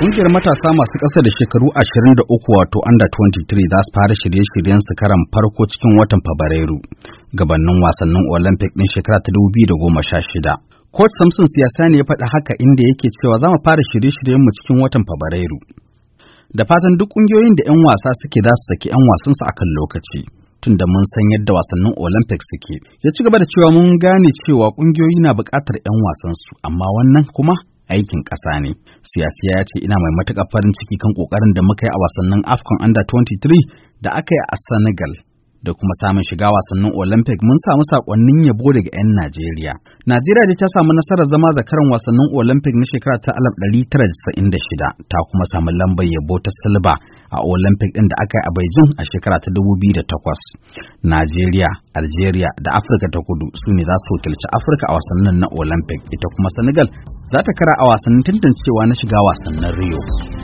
Kungiyar matasa masu ƙasa da shekaru 23 wato under 23 za su fara shirye-shiryen su karan farko cikin watan Fabrairu gabanin wasannin Olympic din shekara ta 2016. Coach Samson siyasa ne ya faɗa haka inda yake cewa za mu fara shirye-shiryen mu cikin watan Fabrairu. Da fatan duk ƙungiyoyin da 'yan wasa suke za su saki 'yan wasan su akan lokaci. tun da mun san yadda wasannin Olympics suke, ya ci gaba da cewa mun gane cewa ƙungiyoyi na buƙatar 'yan wasansu, amma wannan kuma aikin ƙasa ne. Siyasiya ya ce ina mai matuƙar farin ciki kan ƙoƙarin da muka yi a wasannin AFCON Under 23 da aka yi a Senegal da kuma samun shiga wasannin Olympic mun samu sakonnin yabo daga 'yan Najeriya. Najeriya da ta samu nasarar zama zakaran wasannin Olympic na shekara ta 1996 ta kuma samu lambar yabo ta silba a Olympic ɗin da aka yi a Beijing a shekara ta 2008. Najeriya, Algeria da Afirka ta kudu su ne za su wakilci Afirka a wasannin na Olympic ita kuma Senegal za ta kara a wasannin tantancewa na shiga wasannin Rio.